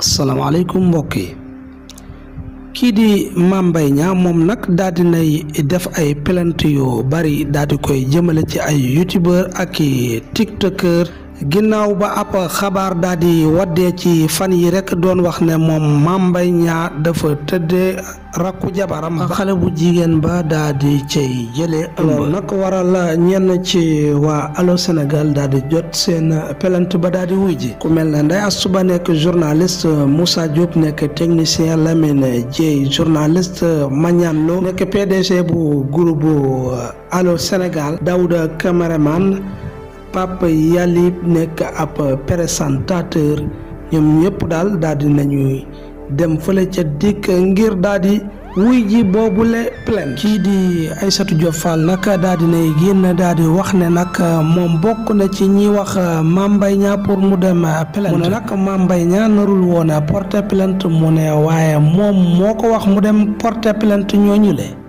asalaamaaleykum mbokk yi kii di Mame Mbaye Niang moom nag daal nay def ay plainte yu bari daal koy jëmale ci ay youtubeur ak i tiktokeur ginnaaw ba ab xabaar daal di waddee ci fan yi rek doon wax ne moom Mame Mbaye Niang dafa tëddee rakku jabaram xale bu jigéen ba daal di cay jëlee loolu nag waral ñenn ci waa alo Sénégal daal jot seen pelante ba daal di wuy ku mel na Ndeye a suba nekk journaliste Moussa Diop nekk technicien Lamine Dieye journaliste Magnane Lo nekk PDG bu groupe alo Sénégal Daouda cameraman Pape Yalib nekk ab présentateur ñoom ñëpp daal daal di dem fële ca dikk ngir daal di wuy ji boobule plainte kii di Aïssatou Diop Fall nag daal di nay génn daal di wax ne nag moom bokk na ci ñi wax Mame Mbaye Niang pour mu dem plainte mu ne nag Mame Mbaye narul woon porter plainte mu ne waaye moom moo ko wax mu dem porter plainte ñooñu le